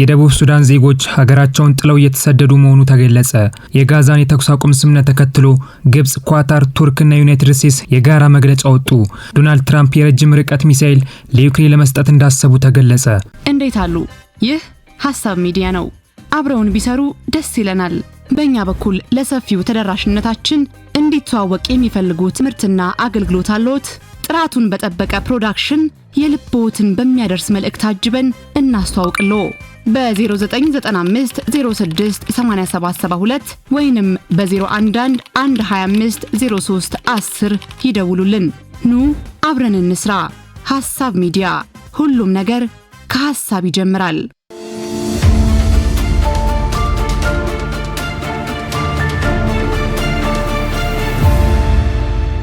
የደቡብ ሱዳን ዜጎች ሀገራቸውን ጥለው እየተሰደዱ መሆኑ ተገለጸ። የጋዛን የተኩስ አቁም ስምምነት ተከትሎ ግብጽ፣ ኳታር፣ ቱርክና ዩናይትድ ስቴትስ የጋራ መግለጫ ወጡ። ዶናልድ ትራምፕ የረጅም ርቀት ሚሳኤል ለዩክሬን ለመስጠት እንዳሰቡ ተገለጸ። እንዴት አሉ? ይህ ሀሳብ ሚዲያ ነው። አብረውን ቢሰሩ ደስ ይለናል። በእኛ በኩል ለሰፊው ተደራሽነታችን እንዲተዋወቅ የሚፈልጉ ትምህርትና አገልግሎት አለዎት? ጥራቱን በጠበቀ ፕሮዳክሽን የልቦትን በሚያደርስ መልእክት አጅበን እናስተዋውቅልዎ። በ0995 06 8772 ወይንም በ 0111 25 03 10 ይደውሉልን። ኑ አብረን እንስራ። ሐሳብ ሚዲያ፣ ሁሉም ነገር ከሐሳብ ይጀምራል።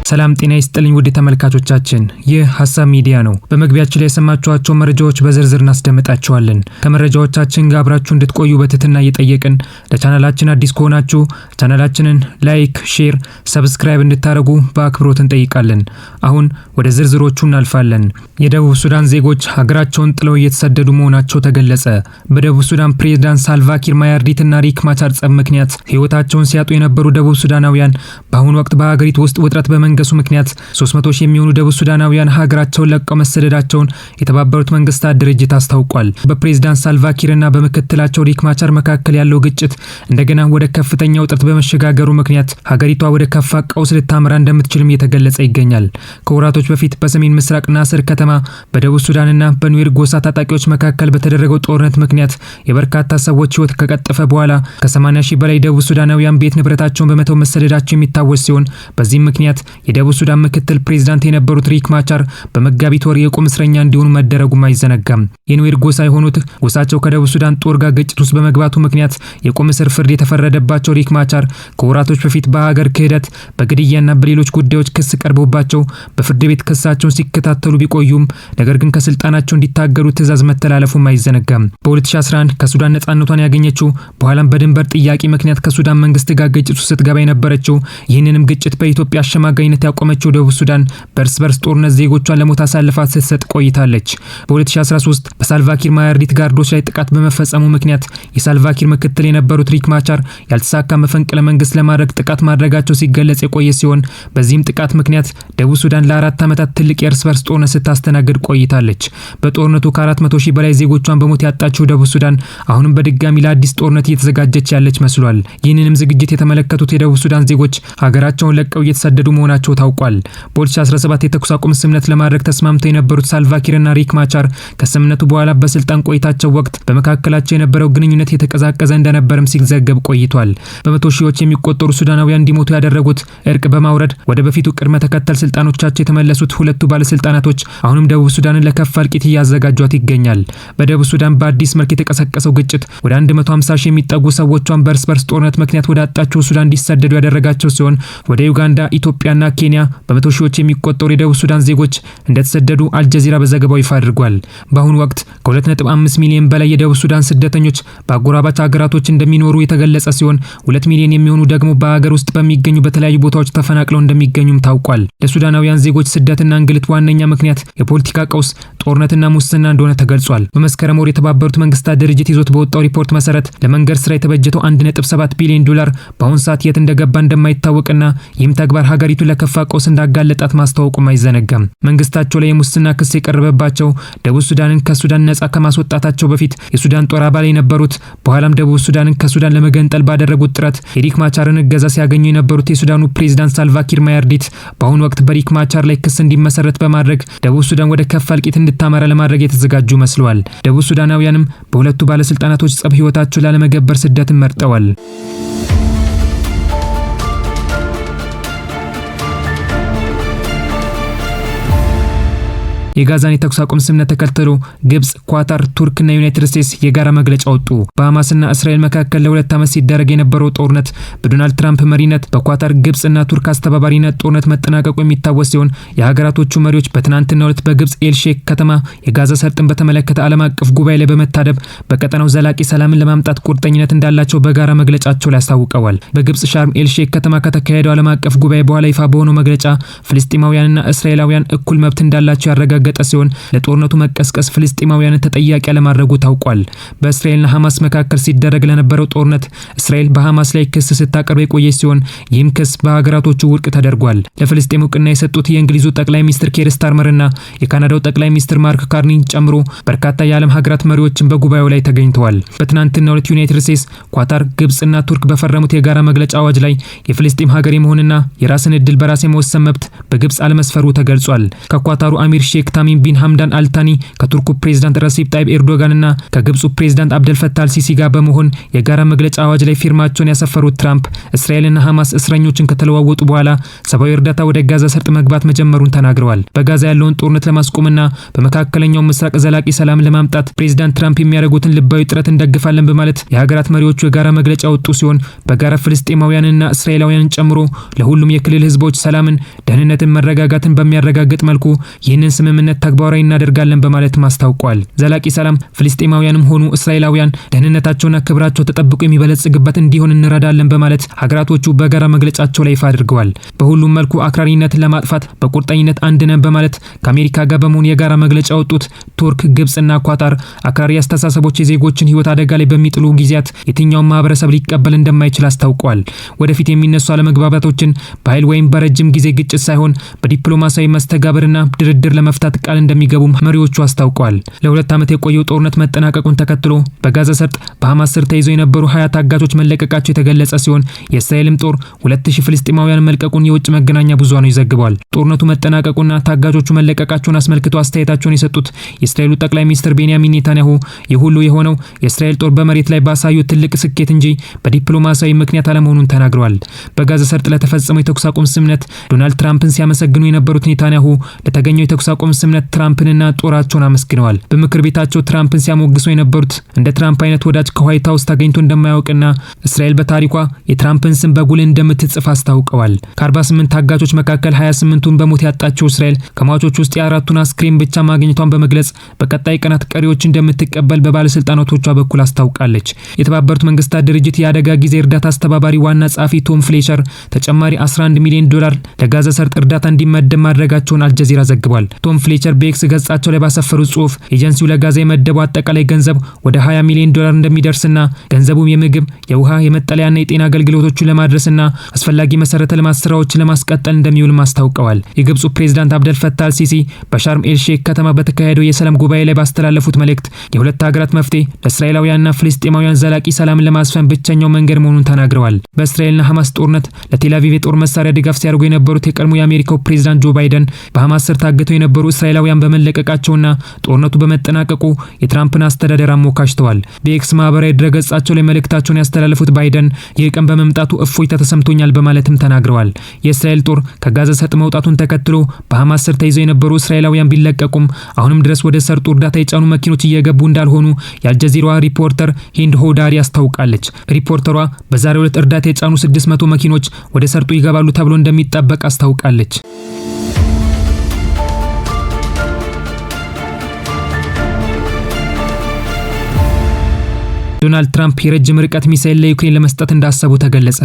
ሰላም ጤና ይስጥልኝ ውድ ተመልካቾቻችን፣ ይህ ሀሳብ ሚዲያ ነው። በመግቢያችን ላይ የሰማችኋቸው መረጃዎች በዝርዝር እናስደምጣችኋለን። ከመረጃዎቻችን ጋር አብራችሁ እንድትቆዩ በትህትና እየጠየቅን ለቻናላችን አዲስ ከሆናችሁ ቻናላችንን ላይክ፣ ሼር፣ ሰብስክራይብ እንድታደርጉ በአክብሮት እንጠይቃለን። አሁን ወደ ዝርዝሮቹ እናልፋለን። የደቡብ ሱዳን ዜጎች ሀገራቸውን ጥለው እየተሰደዱ መሆናቸው ተገለጸ። በደቡብ ሱዳን ፕሬዝዳንት ሳልቫኪር ማያርዲትና ሪክ ማቻር ጸብ ምክንያት ህይወታቸውን ሲያጡ የነበሩ ደቡብ ሱዳናውያን በአሁኑ ወቅት በሀገሪቱ ውስጥ ውጥረት በመንገ በመንገሱ ምክንያት 300 ሺህ የሚሆኑ ደቡብ ሱዳናውያን ሀገራቸውን ለቀው መሰደዳቸውን የተባበሩት መንግስታት ድርጅት አስታውቋል። በፕሬዝዳንት ሳልቫኪርና በምክትላቸው ሪክ ማቻር መካከል ያለው ግጭት እንደገና ወደ ከፍተኛ ውጥረት በመሸጋገሩ ምክንያት ሀገሪቷ ወደ ከፋ ቀውስ ልታመራ እንደምትችልም እየተገለጸ ይገኛል። ከወራቶች በፊት በሰሜን ምስራቅ ናስር ከተማ በደቡብ ሱዳንና በኑዌር ጎሳ ታጣቂዎች መካከል በተደረገው ጦርነት ምክንያት የበርካታ ሰዎች ህይወት ከቀጠፈ በኋላ ከ80 ሺህ በላይ ደቡብ ሱዳናውያን ቤት ንብረታቸውን በመተው መሰደዳቸው የሚታወስ ሲሆን በዚህም ምክንያት የደቡብ ሱዳን ምክትል ፕሬዚዳንት የነበሩት ሪክ ማቻር በመጋቢት ወር የቁም እስረኛ እንዲሆኑ መደረጉም አይዘነጋም። የኑዌር ጎሳ የሆኑት ጎሳቸው ከደቡብ ሱዳን ጦር ጋር ግጭት ውስጥ በመግባቱ ምክንያት የቁም እስር ፍርድ የተፈረደባቸው ሪክ ማቻር ከወራቶች በፊት በሀገር ክህደት በግድያና በሌሎች ጉዳዮች ክስ ቀርቦባቸው በፍርድ ቤት ክሳቸውን ሲከታተሉ ቢቆዩም ነገር ግን ከስልጣናቸው እንዲታገዱ ትእዛዝ መተላለፉም አይዘነጋም። በ2011 ከሱዳን ነጻነቷን ያገኘችው በኋላም በድንበር ጥያቄ ምክንያት ከሱዳን መንግስት ጋር ግጭት ውስጥ ስትገባ የነበረችው ይህንንም ግጭት በኢትዮጵያ አሸማጋኝ ወታደራዊነት ያቆመችው ደቡብ ሱዳን በእርስ በርስ ጦርነት ዜጎቿን ለሞት አሳልፋ ስትሰጥ ቆይታለች። በ2013 በሳልቫኪር ማያርዲት ጋርዶች ላይ ጥቃት በመፈጸሙ ምክንያት የሳልቫኪር ምክትል የነበሩት ሪክ ማቻር ያልተሳካ መፈንቅለ መንግስት ለማድረግ ጥቃት ማድረጋቸው ሲገለጽ የቆየ ሲሆን በዚህም ጥቃት ምክንያት ደቡብ ሱዳን ለአራት ዓመታት ትልቅ የእርስ በርስ ጦርነት ስታስተናግድ ቆይታለች። በጦርነቱ ከ400 ሺህ በላይ ዜጎቿን በሞት ያጣችው ደቡብ ሱዳን አሁንም በድጋሚ ለአዲስ ጦርነት እየተዘጋጀች ያለች መስሏል። ይህንንም ዝግጅት የተመለከቱት የደቡብ ሱዳን ዜጎች ሀገራቸውን ለቀው እየተሰደዱ መሆናቸው መሆናቸው ታውቋል። በ2017 የተኩስ አቁም ስምምነት ለማድረግ ተስማምተው የነበሩት ሳልቫኪርና ሪክ ማቻር ከስምምነቱ በኋላ በስልጣን ቆይታቸው ወቅት በመካከላቸው የነበረው ግንኙነት የተቀዛቀዘ እንደነበርም ሲዘገብ ቆይቷል። በመቶ ሺዎች የሚቆጠሩ ሱዳናውያን እንዲሞቱ ያደረጉት እርቅ በማውረድ ወደ በፊቱ ቅድመ ተከተል ስልጣኖቻቸው የተመለሱት ሁለቱ ባለስልጣናቶች አሁንም ደቡብ ሱዳንን ለከፍ እልቂት እያዘጋጇት ይገኛል። በደቡብ ሱዳን በአዲስ መልክ የተቀሰቀሰው ግጭት ወደ 150 ሺህ የሚጠጉ ሰዎቿን በእርስ በርስ ጦርነት ምክንያት ወደ አጣቸው ሱዳን እንዲሰደዱ ያደረጋቸው ሲሆን ወደ ዩጋንዳ፣ ኢትዮጵያና ኬንያ በመቶ ሺዎች የሚቆጠሩ የደቡብ ሱዳን ዜጎች እንደተሰደዱ አልጀዚራ በዘገባው ይፋ አድርጓል። በአሁኑ ወቅት ከ2.5 ሚሊዮን በላይ የደቡብ ሱዳን ስደተኞች በአጎራባች ሀገራቶች እንደሚኖሩ የተገለጸ ሲሆን ሁለት ሚሊዮን የሚሆኑ ደግሞ በሀገር ውስጥ በሚገኙ በተለያዩ ቦታዎች ተፈናቅለው እንደሚገኙም ታውቋል። ለሱዳናውያን ዜጎች ስደትና እንግልት ዋነኛ ምክንያት የፖለቲካ ቀውስ፣ ጦርነትና ሙስና እንደሆነ ተገልጿል። በመስከረም ወር የተባበሩት መንግስታት ድርጅት ይዞት በወጣው ሪፖርት መሰረት ለመንገድ ስራ የተበጀተው 1.7 ቢሊዮን ዶላር በአሁኑ ሰዓት የት እንደገባ እንደማይታወቅና ይህም ተግባር ሀገሪቱ ለከፋ ቀውስ እንዳጋለጣት ማስታወቁም አይዘነጋም። መንግስታቸው ላይ የሙስና ክስ የቀረበባቸው ደቡብ ሱዳንን ከሱዳን ነጻ ከማስወጣታቸው በፊት የሱዳን ጦር አባል የነበሩት በኋላም ደቡብ ሱዳንን ከሱዳን ለመገንጠል ባደረጉት ጥረት የሪክ ማቻርን እገዛ ሲያገኙ የነበሩት የሱዳኑ ፕሬዚዳንት ሳልቫኪር ማያርዲት በአሁኑ ወቅት በሪክ ማቻር ላይ ክስ እንዲመሰረት በማድረግ ደቡብ ሱዳን ወደ ከፋ እልቂት እንድታመራ ለማድረግ የተዘጋጁ መስለዋል። ደቡብ ሱዳናውያንም በሁለቱ ባለስልጣናቶች ጸብ ህይወታቸው ላለመገበር ስደትን መርጠዋል። የጋዛን የተኩስ አቁም ስምምነት ተከትሎ ግብጽ፣ ኳታር፣ ቱርክና ዩናይትድ ስቴትስ የጋራ መግለጫ ወጡ። በሐማስና እስራኤል መካከል ለሁለት ዓመት ሲደረግ የነበረው ጦርነት በዶናልድ ትራምፕ መሪነት በኳታር ግብጽና ቱርክ አስተባባሪነት ጦርነት መጠናቀቁ የሚታወስ ሲሆን የሀገራቶቹ መሪዎች በትናንትናው ዕለት በግብጽ ኤልሼክ ከተማ የጋዛ ሰርጥን በተመለከተ ዓለም አቀፍ ጉባኤ ላይ በመታደብ በቀጠናው ዘላቂ ሰላምን ለማምጣት ቁርጠኝነት እንዳላቸው በጋራ መግለጫቸው ላይ አስታውቀዋል። በግብጽ ሻርም ኤልሼክ ከተማ ከተካሄደው ዓለም አቀፍ ጉባኤ በኋላ ይፋ በሆነው መግለጫ ፍልስጤማውያንና እስራኤላውያን እኩል መብት እንዳላቸው ያረጋግ የተረጋገጠ ሲሆን ለጦርነቱ መቀስቀስ ፍልስጤማውያንን ተጠያቂ አለማድረጉ ታውቋል። በእስራኤልና ሐማስ መካከል ሲደረግ ለነበረው ጦርነት እስራኤል በሐማስ ላይ ክስ ስታቀርብ የቆየች ሲሆን ይህም ክስ በሀገራቶቹ ውድቅ ተደርጓል። ለፍልስጤም እውቅና የሰጡት የእንግሊዙ ጠቅላይ ሚኒስትር ኬር ስታርመርና የካናዳው ጠቅላይ ሚኒስትር ማርክ ካርኒን ጨምሮ በርካታ የዓለም ሀገራት መሪዎችን በጉባኤው ላይ ተገኝተዋል። በትናንትናው ዕለት ዩናይትድ ስቴትስ፣ ኳታር፣ ግብጽና ቱርክ በፈረሙት የጋራ መግለጫ አዋጅ ላይ የፍልስጤም ሀገር የመሆንና የራስን እድል በራስ የመወሰን መብት በግብጽ አለመስፈሩ ተገልጿል። ከኳታሩ አሚር ሼክ ታሚም ቢን ሀምዳን አልታኒ ከቱርኩ ፕሬዝዳንት ረሲፕ ጣይብ ኤርዶጋንና ከግብፁ ፕሬዝዳንት አብደልፈታ አልሲሲ ጋር በመሆን የጋራ መግለጫ አዋጅ ላይ ፊርማቸውን ያሰፈሩት ትራምፕ እስራኤልና ሐማስ እስረኞችን ከተለዋወጡ በኋላ ሰብአዊ እርዳታ ወደ ጋዛ ሰርጥ መግባት መጀመሩን ተናግረዋል። በጋዛ ያለውን ጦርነት ለማስቆምና በመካከለኛው ምስራቅ ዘላቂ ሰላም ለማምጣት ፕሬዝዳንት ትራምፕ የሚያደርጉትን ልባዊ ጥረት እንደግፋለን በማለት የሀገራት መሪዎቹ የጋራ መግለጫ ወጡ ሲሆን በጋራ ፍልስጤማውያንና እስራኤላውያንን ጨምሮ ለሁሉም የክልል ህዝቦች ሰላምን፣ ደህንነትን፣ መረጋጋትን በሚያረጋግጥ መልኩ ይህንን ስምምነት ስምምነት ተግባራዊ እናደርጋለን በማለትም አስታውቋል። ዘላቂ ሰላም ፍልስጤማውያንም ሆኑ እስራኤላውያን ደህንነታቸውና ክብራቸው ተጠብቆ የሚበለጽግበት እንዲሆን እንረዳለን በማለት ሀገራቶቹ በጋራ መግለጫቸው ላይ ይፋ አድርገዋል። በሁሉም መልኩ አክራሪነትን ለማጥፋት በቁርጠኝነት አንድ ነን በማለት ከአሜሪካ ጋር በመሆን የጋራ መግለጫ ያወጡት ቱርክ፣ ግብጽና ኳታር አክራሪ አስተሳሰቦች የዜጎችን ህይወት አደጋ ላይ በሚጥሉ ጊዜያት የትኛውን ማህበረሰብ ሊቀበል እንደማይችል አስታውቋል። ወደፊት የሚነሱ አለመግባባቶችን በኃይል ወይም በረጅም ጊዜ ግጭት ሳይሆን በዲፕሎማሲያዊ መስተጋብርና ድርድር ለመፍታት ለመስራት ቃል እንደሚገቡም መሪዎቹ አስታውቀዋል። ለሁለት ዓመት የቆየው ጦርነት መጠናቀቁን ተከትሎ በጋዛ ሰርጥ በሐማስ ስር ተይዘው የነበሩ ሀያ ታጋቾች መለቀቃቸው የተገለጸ ሲሆን የእስራኤልም ጦር ሁለት ሺህ ፍልስጤማውያን መልቀቁን የውጭ መገናኛ ብዙሃኑ ይዘግቧል። ጦርነቱ መጠናቀቁና ታጋቾቹ መለቀቃቸውን አስመልክቶ አስተያየታቸውን የሰጡት የእስራኤሉ ጠቅላይ ሚኒስትር ቤንያሚን ኔታንያሁ ይህ ሁሉ የሆነው የእስራኤል ጦር በመሬት ላይ ባሳዩት ትልቅ ስኬት እንጂ በዲፕሎማሲያዊ ምክንያት አለመሆኑን ተናግረዋል። በጋዛ ሰርጥ ለተፈጸመው የተኩስ አቁም ስምነት ዶናልድ ትራምፕን ሲያመሰግኑ የነበሩት ኔታንያሁ ለተገኘው የተኩስ አቁም ስምነት ትራምፕንና ጦራቸውን አመስግነዋል። በምክር ቤታቸው ትራምፕን ሲያሞግሱ የነበሩት እንደ ትራምፕ አይነት ወዳጅ ከዋይት ሀውስ ተገኝቶ እንደማያውቅና እስራኤል በታሪኳ የትራምፕን ስም በጉል እንደምትጽፍ አስታውቀዋል። ከ48 ታጋቾች መካከል 28ቱን በሞት ያጣቸው እስራኤል ከሟቾች ውስጥ የአራቱን አስክሬን ብቻ ማግኘቷን በመግለጽ በቀጣይ ቀናት ቀሪዎች እንደምትቀበል በባለስልጣናቶቿ በኩል አስታውቃለች። የተባበሩት መንግስታት ድርጅት የአደጋ ጊዜ እርዳታ አስተባባሪ ዋና ጸሐፊ ቶም ፍሌሸር ተጨማሪ 11 ሚሊዮን ዶላር ለጋዛ ሰርጥ እርዳታ እንዲመደብ ማድረጋቸውን አልጀዚራ ዘግቧል። ቶም ፍሌቸር በኤክስ ገጻቸው ላይ ባሰፈሩ ጽሁፍ ኤጀንሲው ለጋዛ የመደበው አጠቃላይ ገንዘብ ወደ 20 ሚሊዮን ዶላር እንደሚደርስና ገንዘቡም የምግብ፣ የውሃ፣ የመጠለያና የጤና አገልግሎቶቹን ለማድረስና አስፈላጊ መሰረተ ልማት ስራዎችን ለማስቀጠል እንደሚውልም አስታውቀዋል። የግብፁ ፕሬዚዳንት አብደል ፈታህ አልሲሲ በሻርም ኤል ሼክ ከተማ በተካሄደው የሰላም ጉባኤ ላይ ባስተላለፉት መልእክት የሁለት ሀገራት መፍትሄ ለእስራኤላውያንና ፍልስጤማውያን ዘላቂ ሰላምን ለማስፈን ብቸኛው መንገድ መሆኑን ተናግረዋል። በእስራኤልና ሐማስ ጦርነት ለቴላቪቭ የጦር መሳሪያ ድጋፍ ሲያደርጉ የነበሩት የቀድሞ የአሜሪካው ፕሬዚዳንት ጆ ባይደን በሐማስ ስር ታግተው የነበሩ እስራኤላውያን በመለቀቃቸውና ጦርነቱ በመጠናቀቁ የትራምፕን አስተዳደር አሞካሽተዋል። በኤክስ ማህበራዊ ድረገጻቸው ላይ መልእክታቸውን ያስተላለፉት ባይደን ይህ ቀን በመምጣቱ እፎይታ ተሰምቶኛል በማለትም ተናግረዋል። የእስራኤል ጦር ከጋዛ ሰጥ መውጣቱን ተከትሎ በሐማስ ስር ተይዘው የነበሩ እስራኤላውያን ቢለቀቁም አሁንም ድረስ ወደ ሰርጡ እርዳታ የጫኑ መኪኖች እየገቡ እንዳልሆኑ የአልጀዚራዋ ሪፖርተር ሂንድ ሆዳሪ አስታውቃለች። ሪፖርተሯ በዛሬው ዕለት እርዳታ የጫኑ 600 መኪኖች ወደ ሰርጡ ይገባሉ ተብሎ እንደሚጠበቅ አስታውቃለች። ዶናልድ ትራምፕ የረጅም ርቀት ሚሳይል ለዩክሬን ለመስጠት እንዳሰቡ ተገለጸ።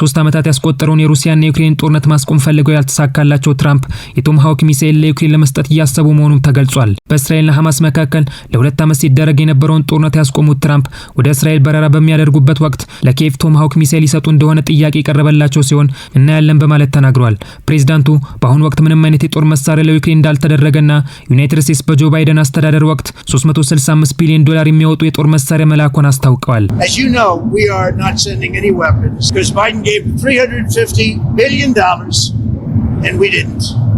ሶስት ዓመታት ያስቆጠረውን የሩሲያና የዩክሬን ጦርነት ማስቆም ፈልገው ያልተሳካላቸው ትራምፕ የቶምሃውክ ሚሳይል ለዩክሬን ለመስጠት እያሰቡ መሆኑም ተገልጿል። በእስራኤልና ሐማስ መካከል ለሁለት ዓመት ሲደረግ የነበረውን ጦርነት ያስቆሙት ትራምፕ ወደ እስራኤል በረራ በሚያደርጉበት ወቅት ለኪየቭ ቶምሃውክ ሚሳይል ይሰጡ እንደሆነ ጥያቄ የቀረበላቸው ሲሆን እናያለን በማለት ተናግሯል። ፕሬዚዳንቱ በአሁኑ ወቅት ምንም አይነት የጦር መሳሪያ ለዩክሬን እንዳልተደረገና ዩናይትድ ስቴትስ በጆ ባይደን አስተዳደር ወቅት 365 ቢሊዮን ዶላር የሚያወጡ የጦር መሳሪያ መላኮን አስታ አስታውቀዋል። ቢሊዮን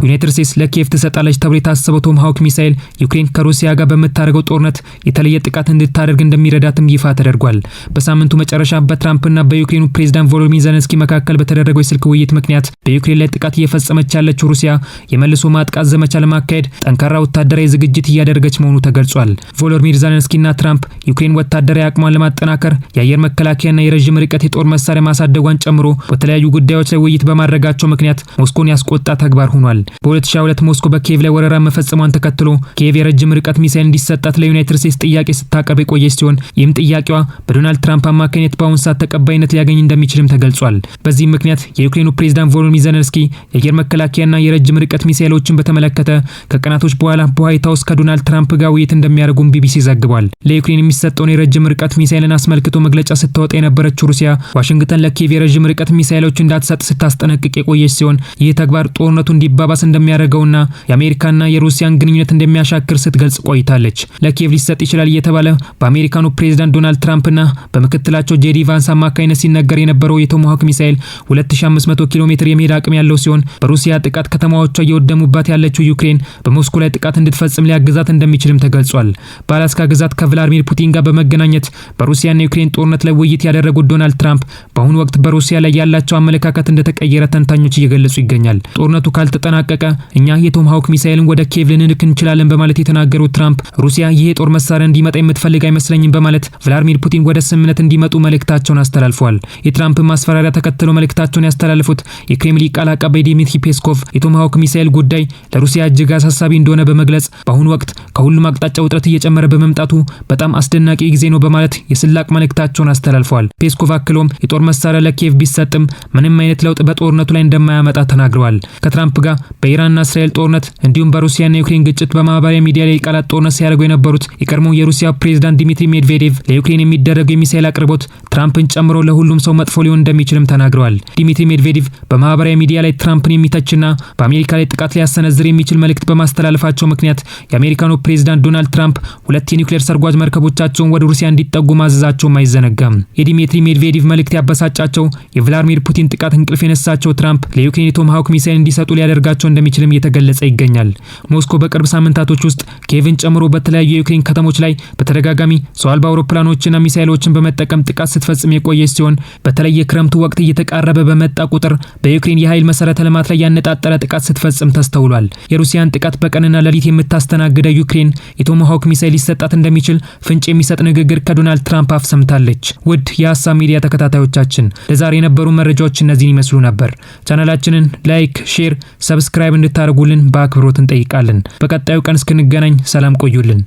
ዩናይትድ ስቴትስ ለኪየቭ ትሰጣለች ተብሎ የታሰበው ቶማሃውክ ሚሳኤል ዩክሬን ከሩሲያ ጋር በምታደርገው ጦርነት የተለየ ጥቃት እንድታደርግ እንደሚረዳትም ይፋ ተደርጓል። በሳምንቱ መጨረሻ በትራምፕና በዩክሬኑ ፕሬዚዳንት ቮሎዲሚር ዘለንስኪ መካከል በተደረገው የስልክ ውይይት ምክንያት በዩክሬን ላይ ጥቃት እየፈጸመች ያለችው ሩሲያ የመልሶ ማጥቃት ዘመቻ ለማካሄድ ጠንካራ ወታደራዊ ዝግጅት እያደረገች መሆኑ ተገልጿል። ቮሎዲሚር ዘለንስኪና ትራምፕ ዩክሬን ወታደራዊ አቅሟን ለማጠናከር የአየር መከላከያና የረዥም ርቀት የጦር መሳሪያ ማሳደጓን ጨምሮ በተለያዩ ጉዳዮች ላይ ውይይት በማድረጋቸው ምክንያት ሞስኮን ያስቆጣ ተግባር ሆኗል። በ2022 ሞስኮ በኪየቭ ላይ ወረራ መፈጸሟን ተከትሎ ኪየቭ የረጅም ርቀት ሚሳይል እንዲሰጣት ለዩናይትድ ስቴትስ ጥያቄ ስታቀርብ የቆየች ሲሆን ይህም ጥያቄዋ በዶናልድ ትራምፕ አማካኝነት በአሁኑ ሰዓት ተቀባይነት ሊያገኝ እንደሚችልም ተገልጿል። በዚህም ምክንያት የዩክሬኑ ፕሬዚዳንት ቮሎዲሚር ዘለንስኪ የአየር መከላከያና የረጅም ርቀት ሚሳይሎችን በተመለከተ ከቀናቶች በኋላ በዋይት ሀውስ ከዶናልድ ትራምፕ ጋር ውይይት እንደሚያደርጉም ቢቢሲ ዘግቧል። ለዩክሬን የሚሰጠውን የረጅም ርቀት ሚሳይልን አስመልክቶ መግለጫ ስታወጣ የነበረችው ሩሲያ ዋሽንግተን ለኪየቭ የረጅም ርቀት ሚሳይሎች እንዳትሰጥ ስታስጠነቅቅ የቆየች ሲሆን ይህ ተግባር ጦርነቱ እንዲባባ እንዲባባስ እንደሚያደርገውና የአሜሪካና የሩሲያን ግንኙነት እንደሚያሻክር ስትገልጽ ቆይታለች። ለኪየቭ ሊሰጥ ይችላል እየተባለ በአሜሪካኑ ፕሬዚዳንት ዶናልድ ትራምፕና በምክትላቸው ጄዲ ቫንስ አማካኝነት ሲነገር የነበረው የቶማሃውክ ሚሳኤል 2500 ኪሎ ሜትር የመሄድ አቅም ያለው ሲሆን በሩሲያ ጥቃት ከተማዎቿ እየወደሙባት ያለችው ዩክሬን በሞስኮ ላይ ጥቃት እንድትፈጽም ሊያግዛት እንደሚችልም ተገልጿል። በአላስካ ግዛት ከቭላድሚር ፑቲን ጋር በመገናኘት በሩሲያና ዩክሬን ጦርነት ላይ ውይይት ያደረጉት ዶናልድ ትራምፕ በአሁኑ ወቅት በሩሲያ ላይ ያላቸው አመለካከት እንደተቀየረ ተንታኞች እየገለጹ ይገኛል። ጦርነቱ ካልተጠናቀ ተጠናቀቀ። እኛ የቶም ሀውክ ሚሳኤልን ወደ ኬቭ ልንልክ እንችላለን በማለት የተናገሩት ትራምፕ ሩሲያ ይህ የጦር መሳሪያ እንዲመጣ የምትፈልግ አይመስለኝም በማለት ቭላድሚር ፑቲን ወደ ስምምነት እንዲመጡ መልእክታቸውን አስተላልፏል። የትራምፕን ማስፈራሪያ ተከትሎ መልእክታቸውን ያስተላለፉት የክሬምሊን ቃል አቀባይ ዲሚትሪ ፔስኮቭ የቶም ሀውክ ሚሳኤል ጉዳይ ለሩሲያ እጅግ አሳሳቢ እንደሆነ በመግለጽ በአሁኑ ወቅት ከሁሉም አቅጣጫ ውጥረት እየጨመረ በመምጣቱ በጣም አስደናቂ ጊዜ ነው በማለት የስላቅ መልእክታቸውን አስተላልፏል። ፔስኮቭ አክሎም የጦር መሳሪያ ለኪየቭ ቢሰጥም ምንም አይነት ለውጥ በጦርነቱ ላይ እንደማያመጣ ተናግረዋል። ከትራምፕ ጋር በኢራንና እስራኤል ጦርነት እንዲሁም በሩሲያና ዩክሬን ግጭት በማህበራዊ ሚዲያ ላይ የቃላት ጦርነት ሲያደርጉ የነበሩት የቀድሞ የሩሲያ ፕሬዝዳንት ዲሚትሪ ሜድቬዴቭ ለዩክሬን የሚደረገው የሚሳይል አቅርቦት ትራምፕን ጨምሮ ለሁሉም ሰው መጥፎ ሊሆን እንደሚችልም ተናግረዋል። ዲሚትሪ ሜድቬዴቭ በማህበራዊ ሚዲያ ላይ ትራምፕን የሚተችና በአሜሪካ ላይ ጥቃት ሊያሰነዝር የሚችል መልእክት በማስተላለፋቸው ምክንያት የአሜሪካኑ ፕሬዝዳንት ዶናልድ ትራምፕ ሁለት የኒውክሌር ሰርጓጅ መርከቦቻቸውን ወደ ሩሲያ እንዲጠጉ ማዘዛቸውም አይዘነጋም። የዲሚትሪ ሜድቬዴቭ መልእክት ያበሳጫቸው የቭላድሚር ፑቲን ጥቃት እንቅልፍ የነሳቸው ትራምፕ ለዩክሬን የቶማሃውክ ሚሳይል እንዲሰጡ ሊያደርጋቸው ሊያስፈልጋቸው እንደሚችልም እየተገለጸ ይገኛል። ሞስኮ በቅርብ ሳምንታቶች ውስጥ ኬቭን ጨምሮ በተለያዩ የዩክሬን ከተሞች ላይ በተደጋጋሚ ሰው አልባ አውሮፕላኖችና ሚሳይሎችን በመጠቀም ጥቃት ስትፈጽም የቆየች ሲሆን በተለይ የክረምቱ ወቅት እየተቃረበ በመጣ ቁጥር በዩክሬን የኃይል መሰረተ ልማት ላይ ያነጣጠረ ጥቃት ስትፈጽም ተስተውሏል። የሩሲያን ጥቃት በቀንና ሌሊት የምታስተናግደው ዩክሬን የቶማሃውክ ሚሳይል ሊሰጣት እንደሚችል ፍንጭ የሚሰጥ ንግግር ከዶናልድ ትራምፕ አፍ ሰምታለች። ውድ የሀሳብ ሚዲያ ተከታታዮቻችን ለዛሬ የነበሩ መረጃዎች እነዚህን ይመስሉ ነበር። ቻናላችንን ላይክ፣ ሼር፣ ሰብስክራ ሰብስክራይብ እንድታደርጉልን በአክብሮት እንጠይቃለን። በቀጣዩ ቀን እስክንገናኝ ሰላም ቆዩልን።